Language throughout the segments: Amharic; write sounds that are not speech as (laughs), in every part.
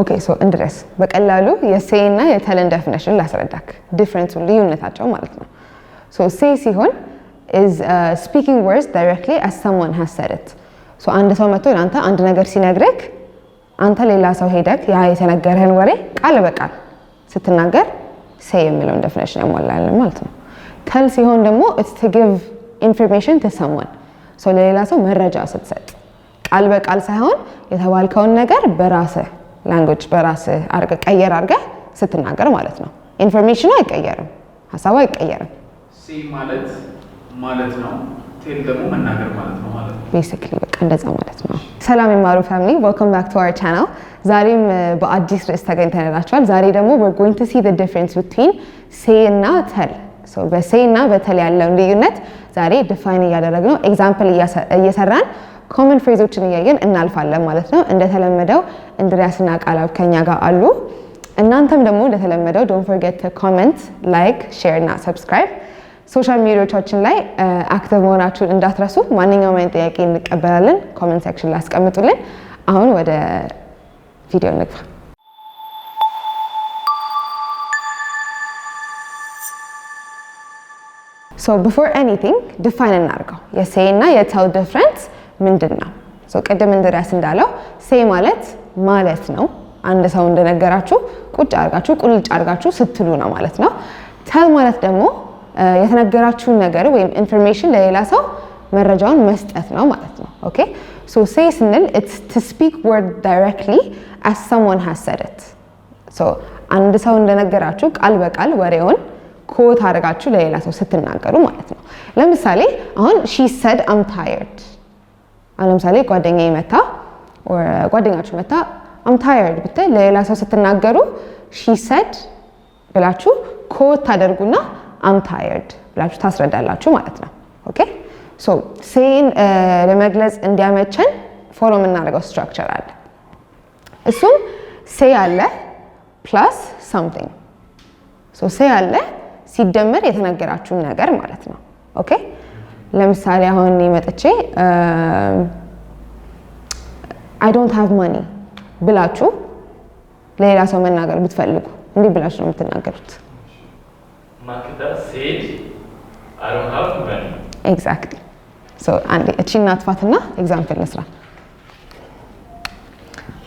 ኦኬ ሶ እንድረስ በቀላሉ የሴይ እና የተለን ደፍነሽን ላስረዳክ፣ ዲፍረንሱ ልዩነታቸው ማለት ነው። ሶ ሴይ ሲሆን ኢዝ ስፒኪንግ ወርድስ ዳይሬክትሊ አስ ሰምዋን ሃዝ ሰድ ኢት። ሶ አንድ ሰው መጥቶ ለአንተ አንድ ነገር ሲነግረክ አንተ ሌላ ሰው ሄደክ ያ የተነገረህን ወሬ ቃል በቃል ስትናገር ሴ የሚለውን ደፍነሽን ያሟላለን ማለት ነው። ተል ሲሆን ደግሞ ኢትስ ቱ ጊቭ ኢንፎርሜሽን ቱ ሰምዋን፣ ሶ ለሌላ ሰው መረጃ ስትሰጥ ቃል በቃል ሳይሆን የተባልከውን ነገር በራስህ ላንጉጅ በራስ አርገ ቀየር አርገ ስትናገር ማለት ነው። ኢንፎርሜሽኑ አይቀየርም፣ ሀሳቡ አይቀየርም። ሲ ማለት ማለት ነው፣ ቴል ደግሞ መናገር ማለት ነው ቤሲክሊ በቃ እንደዛ ማለት ነው። ሰላም የማሩ ፋሚሊ ዌልካም ባክ ቱ አወር ቻናል። ዛሬም uh, በአዲስ ርዕስ ተገኝተንላችኋል። ዛሬ ደግሞ ወር going ቱ ሲ the difference between say እና ተል። በሴ እና በተል ያለውን ልዩነት ዛሬ ዲፋይን ነው ኤግዛምፕል እየሰራን ኮመን ፍሬዞችን እያየን እናልፋለን ማለት ነው። እንደተለመደው እንድሪያስና ቃላብ ከኛ ጋር አሉ። እናንተም ደግሞ እንደተለመደው ዶንት ፎርጌት ኮመንት፣ ላይክ፣ ሼር እና ሰብስክራይብ ሶሻል ሚዲያዎቻችን ላይ አክቲቭ መሆናችሁን እንዳትረሱ። ማንኛውም አይነት ጥያቄ እንቀበላለን። ኮመንት ሴክሽን ላይ አስቀምጡልን። አሁን ወደ ቪዲዮ እንግባ። ሶ ቢፎር ኤኒቲንግ ዲፋይን እናድርገው የሴይ እና የቴል ዲፍረንስ ምንድን ነው? ቅድም እንድሪያስ እንዳለው ሴ ማለት ማለት ነው። አንድ ሰው እንደነገራችሁ ቁጭ አርጋችሁ ቁልጭ አድርጋችሁ ስትሉ ነው ማለት ነው። ተል ማለት ደግሞ የተነገራችሁን ነገር ወይም ኢንፎርሜሽን ለሌላ ሰው መረጃውን መስጠት ነው ማለት ነው። ኦኬ ሶ ሴ ስንል ኢትስ ቱ ስፒክ ወርድ ዳይሬክትሊ አስ ሰምዋን ሃዝ ሰድ ኢት። ሶ አንድ ሰው እንደነገራችሁ ቃል በቃል ወሬውን ኮት አድርጋችሁ ለሌላ ሰው ስትናገሩ ማለት ነው። ለምሳሌ አሁን ሺ ሰድ አም ታየርድ ለምሳሌ ጓደኛ መታ ጓደኛችሁ መታ አም ታየርድ ብትል ለሌላ ሰው ስትናገሩ ሺሰድ ሰድ ብላችሁ ኮት ታደርጉና አም ታየርድ ብላችሁ ታስረዳላችሁ ማለት ነው። ኦኬ ሶ ሴን ለመግለጽ እንዲያመቸን ፎሎ የምናደርገው ስትራክቸር አለ። እሱም ሴ አለ ፕላስ ሳምቲንግ ሶ ሴ አለ ሲደመር የተነገራችሁን ነገር ማለት ነው። ኦኬ ለምሳሌ አሁን መጥቼ አይ ዶንት ሃቭ ማኒ ብላችሁ ለሌላ ሰው መናገር ብትፈልጉ እንዲህ ብላችሁ ነው የምትናገሩት። ኤግዛክትሊ። እቺ እናጥፋትና ኤግዛምፕል እንስራ።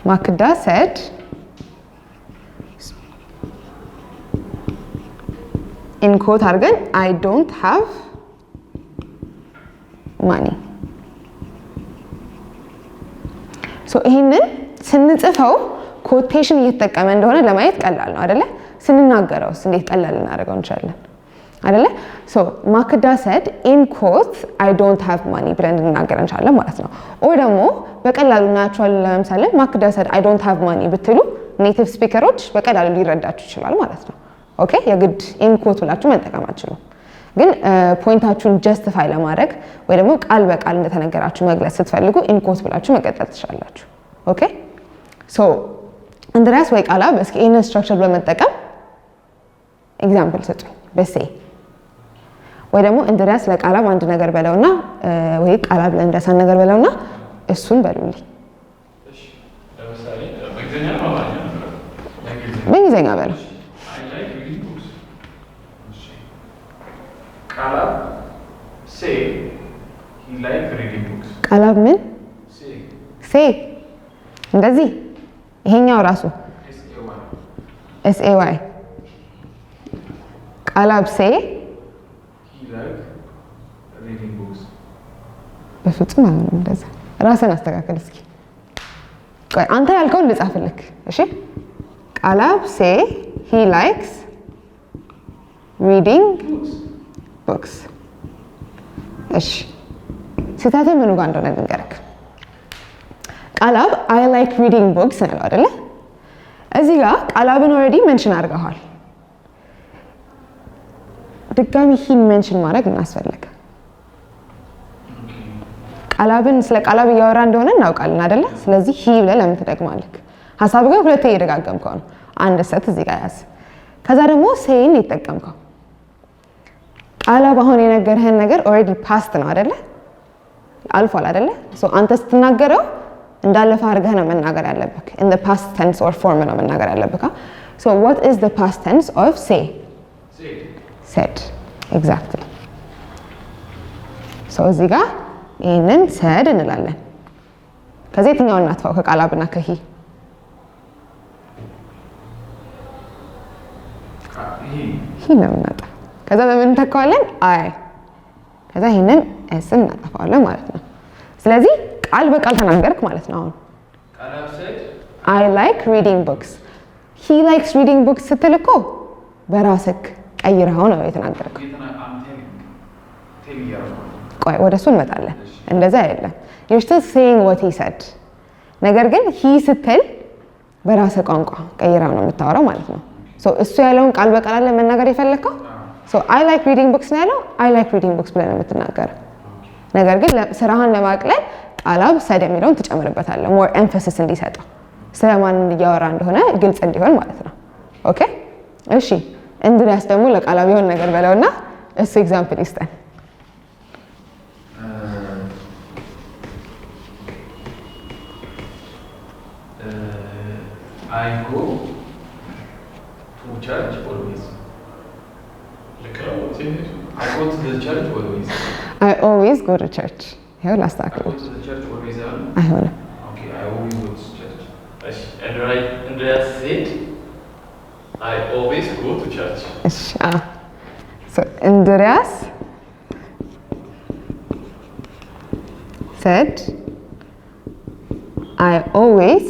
ማክዳ ሰድ ኢንኮት አድርገን አይ ዶንት ሃቭ ማኒ ይሄንን ስንጽፈው ኮቴሽን እየተጠቀመ እንደሆነ ለማየት ቀላል ነው አደለ? ስንናገረውስ እንዴት ቀላል እናደርገው እንችላለን አደለ? ሶ ማክዳ ሰድ ኢን ኮት አይ ዶንት ሃቭ ማኒ ብለን እንናገር እንችላለን ማለት ነው። ኦር ደግሞ በቀላሉ እናያቸዋለን። ለምሳሌ ማክዳ ሰድ አይ ዶንት ሃቭ ማኒ ብትሉ ኔቲቭ ስፒከሮች በቀላሉ ሊረዳችሁ ይችላል ማለት ነው። ኦኬ የግድ ኢን ኮት ብላችሁ መጠቀም አችሉም። ግን ፖይንታችሁን ጀስትፋይ ለማድረግ ወይ ደግሞ ቃል በቃል እንደተነገራችሁ መግለጽ ስትፈልጉ ኢንኮት ብላችሁ መቀጠል ትችላላችሁ። ኦኬ ሶ እንድሪያስ ወይ ቃላ እስኪ ይህንን ስትራክቸር በመጠቀም ኤግዛምፕል ስጡኝ በሴ ወይ ደግሞ እንድሪያስ ለቃላም አንድ ነገር በለውና ወይ ቃላብ ለእንድሪያስ አንድ ነገር በለውና እሱን በሉልኝ። በእንግሊዝኛ በለው ቃላብ ምን ሴ እንደዚህ ይሄኛው ራሱ ኤስኤ ዋይ ቃላብ ሴ በፍጹም አሁን እንደዛ ራስን አስተካከል እስኪ። ቆይ አንተ ያልከውን ልጻፍልክ። እሺ ቃላብ ሴ ሂ ላይክስ ሪዲንግ ቦክስ። እሺ ስህተት ምኑ ጋር እንደሆነ ልንገርክ። ቃላብ አይ ላይክ ሪዲንግ ቦክስ ነው አይደለ? እዚህ ጋር ቃላብን ኦልሬዲ መንሽን አድርገዋል። ድጋሚ ሂን ሜንሽን ማድረግ እናስፈለገ? ቃላብን ስለ ቃላብ እያወራ እንደሆነ እናውቃለን አይደለ? ስለዚህ ሂ ብለህ ለምን ትደግማለህ? ሀሳብ ግን ሁለቴ እየደጋገምከው ነው። አንድ ስህተት እዚህ ጋር ያዝ። ከዛ ደግሞ ሴይን ይጠቀምከው አላብ አሁን የነገርህን ነገር ኦልሬዲ ፓስት ነው አደለ? አልፏል አደለ? አንተ ስትናገረው እንዳለፈ አድርገህ ነው መናገር ያለብህ። ኢን ፓስት ቴንስ ኦር ፎርም ነው መናገር ያለብህ። ሶ ዋት ኢዝ ዘ ፓስት ቴንስ ኦፍ ሴ? ሴድ? ኤግዛክትሊ። ሶ እዚህ ጋር ይህንን ሰድ እንላለን። ከዚ የትኛውን እናጥፋው? ከቃላብና ከሂ ሂ ነው ከዛ በምን እንተካዋለን? አይ ከዛ ይሄንን ስን እናጠፋዋለን ማለት ነው። ስለዚህ ቃል በቃል ተናገርክ ማለት ነው። አሁን አይ ላይክ ሪዲንግ ቡክስ ሂ ላይክስ ሪዲንግ ቡክስ ስትል እኮ በራስክ ቀይረኸው ነው የተናገርከው። ቆይ ወደ እሱ እንመጣለን። እንደዛ አይደለም ዩር ስቲል ሴይንግ ወት ሂ ሰድ፣ ነገር ግን ሂ ስትል በራስህ ቋንቋ ቀይረኸው ነው የምታወራው ማለት ነው። እሱ ያለውን ቃል በቃል አለ መናገር የፈለግከው አይ ላይክ ሪዲንግ ቡክስ ነው ያለው። አይ ላይክ ሪዲንግ ቡክስ ብለን የምትናገር ነገር ግን ስራህን ለማቅለል ቃላብ ሰድ የሚለውን ትጨምርበታለህ። ሞር ኤንፈሲስ እንዲሰጠው ስለማን እያወራ እንደሆነ ግልጽ እንዲሆን ማለት ነው። ኦኬ እሺ። እንድንያስ ደግሞ ለቃላብ የሆን ነገር በለውና እሱ ኤግዛምፕል ይስጠን። go to church ይኸው ላስተካክል አይሆንም እንድሪያስ ሰድ አይ ኦልዌይስ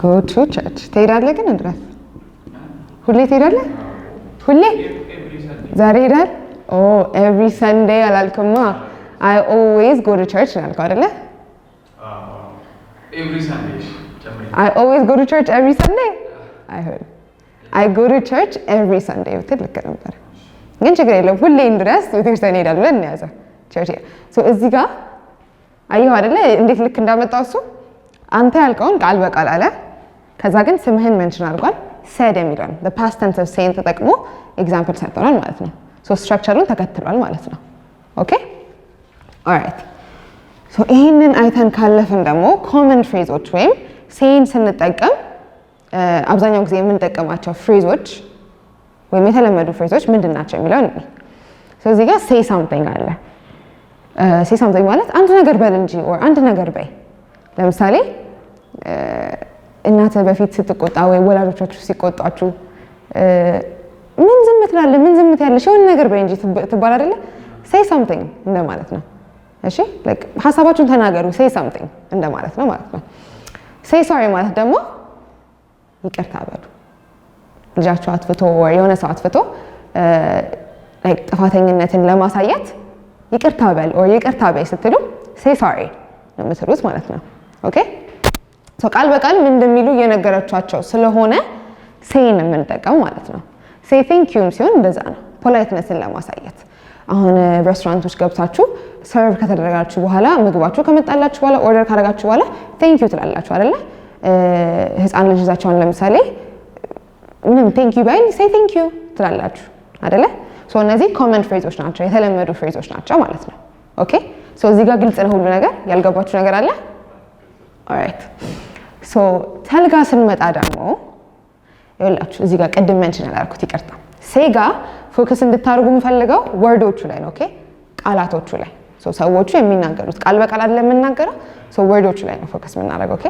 ጎ ቱ ቸርች። ትሄዳለህ ግን እንድሪያስ? ሁሌ ትሄዳለህ? ሁሌ ዛሬ ሄዳለህ? ኤቭሪ ሰንዴይ አላልክማ። አይ ኦልዌይዝ ጎ ቱ ቸርች ነው ያልከው አይደለ? አይ ኦልዌይዝ ጎ ቱ ቸርች ኤቭሪ ሰንዴ አይሆንም። አይ ጎ ቱ ቸርች ኤቭሪ ሰንዴይ ብትል ልክ ነበር፣ ግን ችግር የለም ሁሌም ድረስ ቤተክርስቲያን ይሄዳል ብለን እንያዘው። ቸርች እዚህ ጋር አየሁ አይደለ? እንዴት ልክ እንዳመጣው እሱ አንተ ያልከውን ቃል በቃል አለ። ከዛ ግን ስምህን መንሽን አድርጓል። ሰድ የሚለውን ፓስት ተንስ ኦፍ ሴይንግ ተጠቅሞ ኤግዛምፕል ሰጠናል ማለት ነው። ስትራክቸሩን ተከትሏል ማለት ነው። ኦኬ ኦራይት። ሶ ይህንን አይተን ካለፍን ደግሞ ኮመን ፍሬዞች ወይም ሴን ስንጠቀም አብዛኛው ጊዜ የምንጠቀማቸው ፍሬዞች ወይም የተለመዱ ፍሬዞች ምንድን ናቸው የሚለው ነው። እዚህ ጋር ሴይ ሳምቲንግ አለ። ሴይ ሳምቲንግ ማለት አንድ ነገር በል እንጂ አንድ ነገር በይ። ለምሳሌ እናተ በፊት ስትቆጣ ወይም ወላጆቻችሁ ሲቆጣችሁ ምን ዝም ትላለ? ምን ዝም ትያለሽ? የሆነ ነገር በይ እንጂ ትባል አይደለ? ሴይ ሳምቲንግ እንደ ማለት ነው። እሺ ላይክ ሀሳባችሁን ተናገሩ። ሴይ ሳምቲንግ እንደ ማለት ነው ማለት ነው። ሴይ ሶሪ ማለት ደግሞ ይቅርታ በሉ። ልጃችሁ አጥፍቶ ወይ የሆነ ሰው አጥፍቶ ላይክ ጥፋተኝነትን ለማሳየት ይቅርታ በል ወይ ይቅርታ በይ ስትሉ ሴይ ሶሪ ነው የምትሉት ማለት ነው። ኦኬ ሶ ቃል በቃል ምን እንደሚሉ እየነገረቻቸው ስለሆነ ሴይን የምንጠቀም ማለት ነው። ሴይ ቴንኪውም ሲሆን እንደዛ ነው፣ ፖላይትነስን ለማሳየት አሁን ሬስቶራንቶች ገብታችሁ ሰርቭ ከተደረጋችሁ በኋላ ምግባችሁ ከመጣላችሁ በኋላ ኦርደር ካደረጋችሁ በኋላ ቴንኪዩ ትላላችሁ አይደለ? ህፃን ልጅ ይዛቸውን ለምሳሌ ምንም ቴንኪዩ ባይል ሴይ ቴንኪዩ ትላላችሁ አይደለ? እነዚህ ኮመንት ፍሬዞች ናቸው፣ የተለመዱ ፍሬዞች ናቸው ማለት ነው። ኦኬ ሶ እዚህ ጋር ግልጽ ነው ሁሉ ነገር። ያልገባችሁ ነገር አለ? ኦራይት ሶ ተልጋ ስንመጣ ደግሞ ይኸውላችሁ እዚህ ጋር ቅድም መንሽን ያላልኩት ይቅርታ፣ ሴጋ ፎከስ እንድታደርጉ የምፈልገው ወርዶቹ ላይ ነው። ኦኬ ቃላቶቹ ላይ ሰዎቹ የሚናገሩት ቃል በቃል አይደለም የምናገረው፣ ወርዶቹ ላይ ነው ፎከስ የምናደርገው። ኦኬ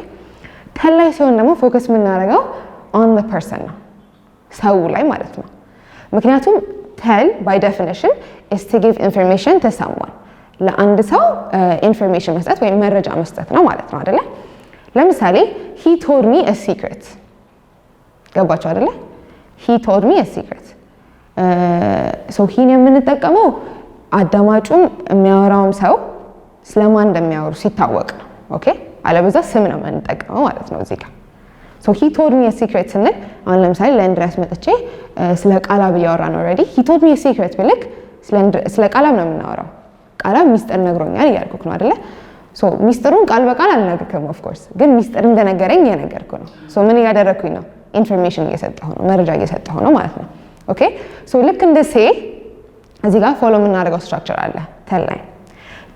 ሲሆን ደግሞ ፎከስ የምናደርገው ኦን ዘ ፐርሰን ነው፣ ሰው ላይ ማለት ነው። ምክንያቱም ተል ባይ ዴፊኒሽን ኢስ ቱ ጊቭ ኢንፎርሜሽን ቱ ሰምዋን ለአንድ ሰው ኢንፎርሜሽን መስጠት ወይም መረጃ መስጠት ነው ማለት ነው አይደለ? ለምሳሌ ሂ ቶልድ ሚ አ ሲክሬት ገባችሁ አይደለ? ሂ ቶልድ ሚ ሲክሬት ሰው ሂን የምንጠቀመው አዳማጩም የሚያወራውም ሰው ስለማን እንደሚያወሩ ሲታወቅ ነው። ኦኬ አለበዛ ስም ነው የምንጠቀመው ማለት ነው እዚህ ጋር ሶ ሂ ቶልድ ሚ ሲክሬት ስንል አሁን ለምሳሌ ለእንድሪያስ መጥቼ ስለ ቃላብ እያወራን ነው ኦልሬዲ ሂ ቶልድ ሚ ሲክሬት ብልክ ስለ ቃላብ ነው የምናወራው። ቃላብ ሚስጥር ነግሮኛል እያልኩክ ነው አይደለ? ሶ ሚስጥሩን ቃል በቃል አልነግርክም ኦፍኮርስ፣ ግን ሚስጥር እንደነገረኝ እየነገርኩ ነው። ሶ ምን እያደረግኩኝ ነው ኢንፎርሜሽን እየሰጠሁ ነው፣ መረጃ እየሰጠሁ ነው ማለት ነው። ኦኬ ሶ ልክ እንደ ሴ እዚህ ጋር ፎሎ የምናደርገው ስትራክቸር አለ። ተላይ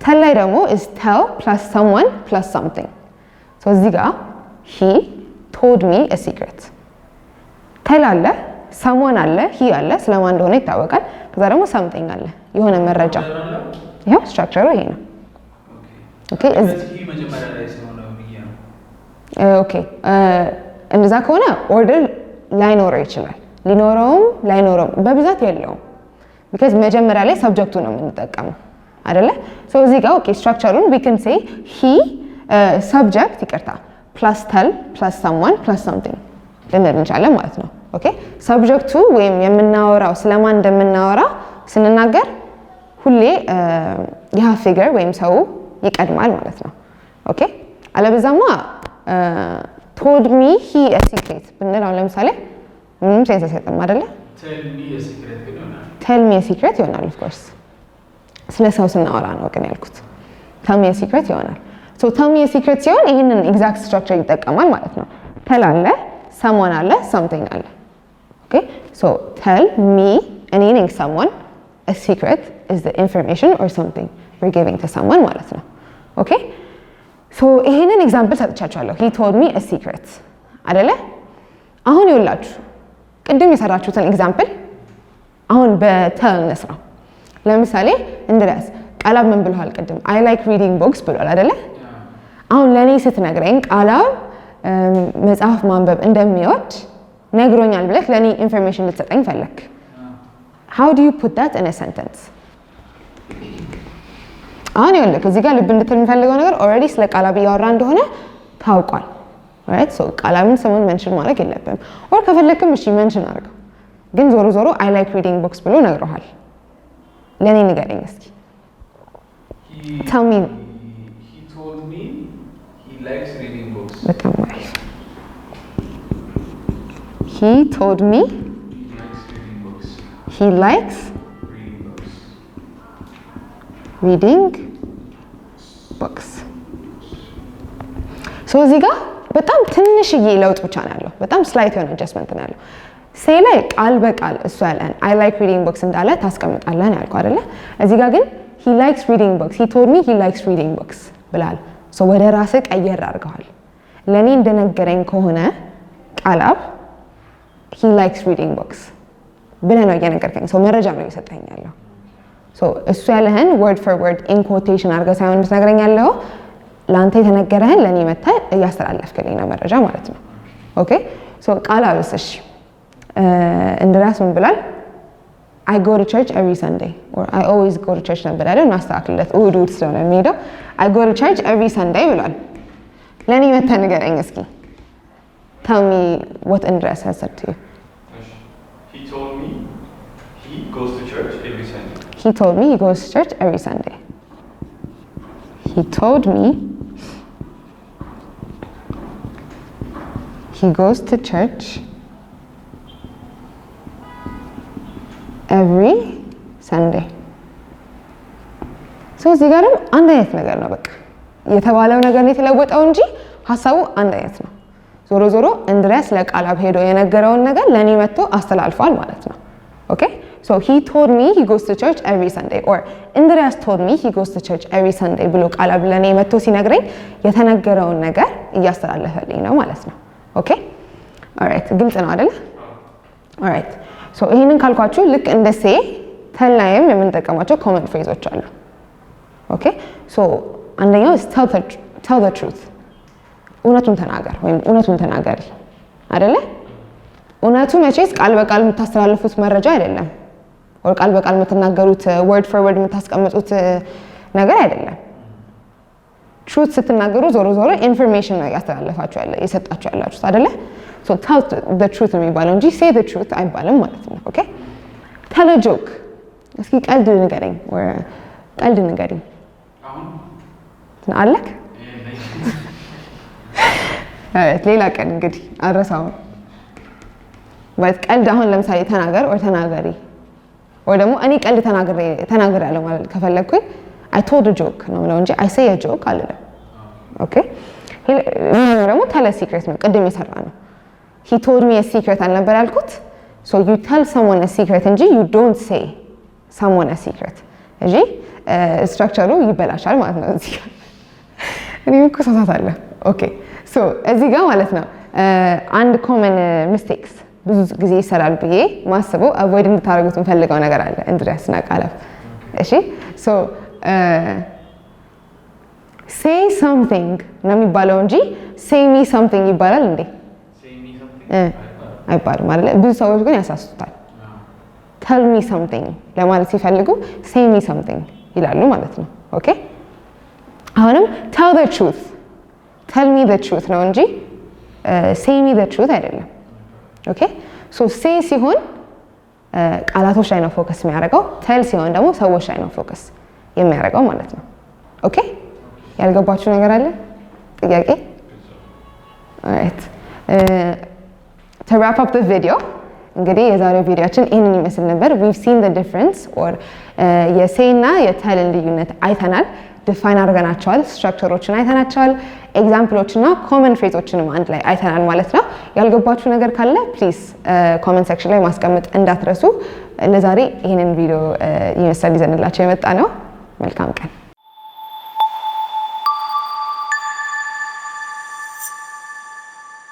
ተላይ ደግሞ ኢዝ ቴል ፕላስ ሰምዋን ፕላስ ሳምቲንግ። ሶ እዚህ ጋር ሂ ቶልድ ሚ አ ሲክሬት ተል አለ፣ ሰምዋን አለ፣ ሂ አለ፣ ስለማን እንደሆነ ይታወቃል። ከዛ ደግሞ ሳምቲንግ አለ፣ የሆነ መረጃ። ይኸው ስትራክቸሩ ይሄ ነው። ኦኬ እንደዛ ከሆነ ኦርደር ላይኖረው ይችላል። ሊኖረውም ላይኖረውም በብዛት የለውም። ቢካዝ መጀመሪያ ላይ ሰብጀክቱ ነው የምንጠቀመው አይደለ? እዚህ ጋር ኦኬ ስትራክቸሩን ዊክን ሴ ሂ ሰብጀክት ይቅርታ ፕላስ ተል ፕላስ ሰምዋን ፕላስ ሳምቲንግ ልንል እንችላለን ማለት ነው። ኦኬ ሰብጀክቱ ወይም የምናወራው ስለማን እንደምናወራ ስንናገር ሁሌ uh, ያ ፊገር ወይም ሰው ይቀድማል ማለት ነው። ኦኬ አለበዛማ uh, ቶልሚ ሂ ሲክሬት ብንል አሁን ለምሳሌ ምንም ሴንስ አይሰጥም አይደለ? ቴልሚ ሲክሬት ይሆናል። ኦፍኮርስ ስለ ሰው ስናወራ ነው ግን ያልኩት ተሚ ሲክሬት ይሆናል። ተሚ ሲክሬት ሲሆን ይህንን ኤግዛክት ስትራክቸር ይጠቀማል ማለት ነው። ተል አለ፣ ሰሞን አለ፣ ሰምቲንግ አለ። ተል ሚ እኔ ነኝ ሰሞን ሲክሬት ኢዝ ኢንፎርሜሽን ኦር ሰምቲንግ ዊር ጊቪንግ ተሰሞን ማለት ነው ኦኬ ይሄንን ኤግዛምፕል ሰጥቻችኋለሁ። ሂ ቶልድ ሚ ሲክሬት አደለ። አሁን ይውላችሁ ቅድም የሰራችሁትን ኤግዛምፕል አሁን በተርም እንስራው። ለምሳሌ እንድሪያስ ቃላብ ምን ብለዋል? ቅድም አይ ላይክ ሪዲንግ ቦክስ ብሏል አደለ። አሁን ለእኔ ስትነግረኝ ቃላብ መጽሐፍ ማንበብ እንደሚወድ ነግሮኛል ብለህ ለእኔ ኢንፎርሜሽን ልትሰጠኝ ፈለግ። ሃው ዱ ዩ ፑት ዳት ኢን ሰንተንስ አሁን ይኸውልህ ከዚህ ጋር ልብ እንድትል የምፈልገው ነገር ኦልሬዲ ስለ ቃላብ እያወራ እንደሆነ ታውቋል። ራይት ሶ ስሙን መንሽን ማድረግ የለብም። ወር ከፈለግክም እሺ መንሽን አድርገው፣ ግን ዞሮ ዞሮ አይ ላይክ ሪዲንግ ቦክስ ብሎ ነግረሃል። ለእኔ ንገረኝ እስኪ ታሚን ሂ ቶልድ ሚ ሂ ላይክስ ሪዲንግ ቦክስ። ሶ እዚህ ጋር በጣም ትንሽዬ ለውጥ ብቻ ነው ያለው። በጣም ስላይት የሆነ አጀስትመንት ነው ያለው። ሴ ላይ ቃል በቃል እሱ ያለን አይ ላይክ ሪዲንግ ቦክስ እንዳለ ታስቀምጣለህ ነው ያልኩህ አይደለ? እዚህ ጋር ግን ሂ ላይክስ ሪዲንግ ቦክስ ሂ ቶልድ ሚ ሂ ላይክስ ሪዲንግ ቦክስ ብላል። ሶ ወደ ራስህ ቀየር አድርገዋል። ለእኔ እንደነገረኝ ከሆነ ቃላብ ሂ ላይክስ ሪዲንግ ቦክስ ብለህ ነው እየነገርከኝ። ሰው መረጃ ነው እየሰጠኸኝ ያለው እሱ ያለህን ወርድ ፎር ወርድ ኢን ኮቴሽን አድርገህ ሳይሆን የምትነግረኝ ያለው ለአንተ የተነገረህን ለእኔ መተህ እያስተላለፍክልኝ ነው መረጃ ማለት ነው። ኦኬ ቃል አብስ። እሺ ምን ብላል? አይ ጎ ቱ ቸርች ኤቭሪ ሰንዴይ ኦር አይ ኦልዌይዝ ጎ ቱ ቸርች ነበር ያለው። እናስተካክልለት፣ እሑድ እሑድ ስለሆነ የሚሄደው አይ ጎ ቱ ቸርች ኤቭሪ ሰንዴይ ብሏል። ለእኔ መተህ ንገረኝ እስኪ ተሚ ወት እንድሪያስ ያሰርት He told me he goes to church every Sunday. He told me he goes to church ኤቭሪ ሰንዴ ሶ እዚህ ጋርም አንድ አይነት ነገር ነው። በቃ የተባለው ነገር የተለወጠው እንጂ ሀሳቡ አንድ አይነት ነው። ዞሮ ዞሮ እንድሪያስ ለቃላብ ሄዶ የነገረውን ነገር ለእኔ መጥቶ አስተላልፏል ማለት ነው። So he told me he goes to church every Sunday or እንድሪያስ told me he goes to church every Sunday ብሎ ቃል ብለኔ መጥቶ ሲነግረኝ የተነገረውን ነገር እያስተላለፈልኝ ነው ማለት ነው። ኦኬ ኦራይት፣ ግልጽ ነው አይደለ? ኦራይት ሶ ይህንን ካልኳችሁ ልክ እንደ ሴ ተላይም የምንጠቀማቸው ኮመን ፍሬዞች አሉ። ኦኬ ሶ አንደኛው ቴል ዘ ትሩት እውነቱን ተናገር ወይም እውነቱን ተናገሪ አይደለ? እውነቱ መቼስ ቃል በቃል የምታስተላልፉት መረጃ አይደለም። ወር ቃል በቃል የምትናገሩት ወርድ ፎር ወርድ የምታስቀምጡት ነገር አይደለም። ትሩት ስትናገሩ ዞሮ ዞሮ ኢንፎርሜሽን ነው ያስተላለፋችሁ ያለ የሰጣችሁ ያላችሁት አደለ። ቴል ትሩት ነው የሚባለው እንጂ ሴ ትሩት አይባልም ማለት ነው። ኦኬ ቴል ጆክ፣ እስኪ ቀልድ ንገረኝ፣ ቀልድ ንገረኝ አለክ። (laughs) ሌላ ቀን እንግዲህ አረሳውን ቀልድ አሁን ለምሳሌ ተናገር ወይ ተናገሬ ወይ ደግሞ እኔ ቀልድ ተናግር ያለው ማለት ከፈለግኩኝ አይ ቶልድ ጆክ ነው የምለው እንጂ አይ ሰይ ጆክ አልልም። ኦኬ ሌላኛው ደግሞ ተለ ሲክሬት ነው። ቅድም የሰራ ነው ሂ ቶልድ ሚ ሲክሬት አልነበር ያልኩት? ሶ ዩ ተል ሰሞን ሲክሬት እንጂ ዩ ዶንት ሴይ ሰሞን ሲክሬት እንጂ ስትራክቸሩ ይበላሻል ማለት ነው። እዚህ ጋር እኔ እኮ ሳሳት አለ። ኦኬ ሶ እዚህ ጋር ማለት ነው አንድ ኮመን ሚስቴክስ ብዙ ጊዜ ይሰራል ብዬ ማስበው አቮይድ እንድታደርጉት የምፈልገው ነገር አለ። እንድሪያስ ነቃለሁ። እሺ ሶ ሴይ ሰምቲንግ ነው የሚባለው እንጂ ሴይ ሚ ሰምቲንግ ይባላል እንዴ? አይባልም አለ። ብዙ ሰዎች ግን ያሳስቱታል። ቴል ሚ ሰምቲንግ ለማለት ሲፈልጉ ሴይ ሚ ሰምቲንግ ይላሉ ማለት ነው። ኦኬ አሁንም ተል ዘ ትሩዝ ተል ሚ ዘ ነው እንጂ ሴይ ሚ ዘ አይደለም። ኦኬ ሶ ሴ ሲሆን ቃላቶች ላይ ነው ፎከስ የሚያደርገው። ተል ሲሆን ደግሞ ሰዎች ላይ ነው ፎከስ የሚያደርገው ማለት ነው። ኦኬ ያልገባችሁ ነገር አለ? ጥያቄ? ኦራይት ቱ ራፕ አፕ ቪዲዮ እንግዲህ የዛሬው ቪዲዮችን ይህንን ይመስል ነበር። ዊቭ ሲን ዘ ዲፍረንስ ኦር የሴና የተልን ልዩነት አይተናል። ዲፋይን አድርገናቸዋል። ስትራክቸሮችን አይተናቸዋል። ኤግዛምፕሎችና ኮመን ፍሬዞችንም አንድ ላይ አይተናል ማለት ነው። ያልገባችሁ ነገር ካለ ፕሊስ ኮመን ሴክሽን ላይ ማስቀመጥ እንዳትረሱ። ለዛሬ ይህንን ቪዲዮ uh, ይመስላል ይዘንላቸው የመጣ ነው። መልካም ቀን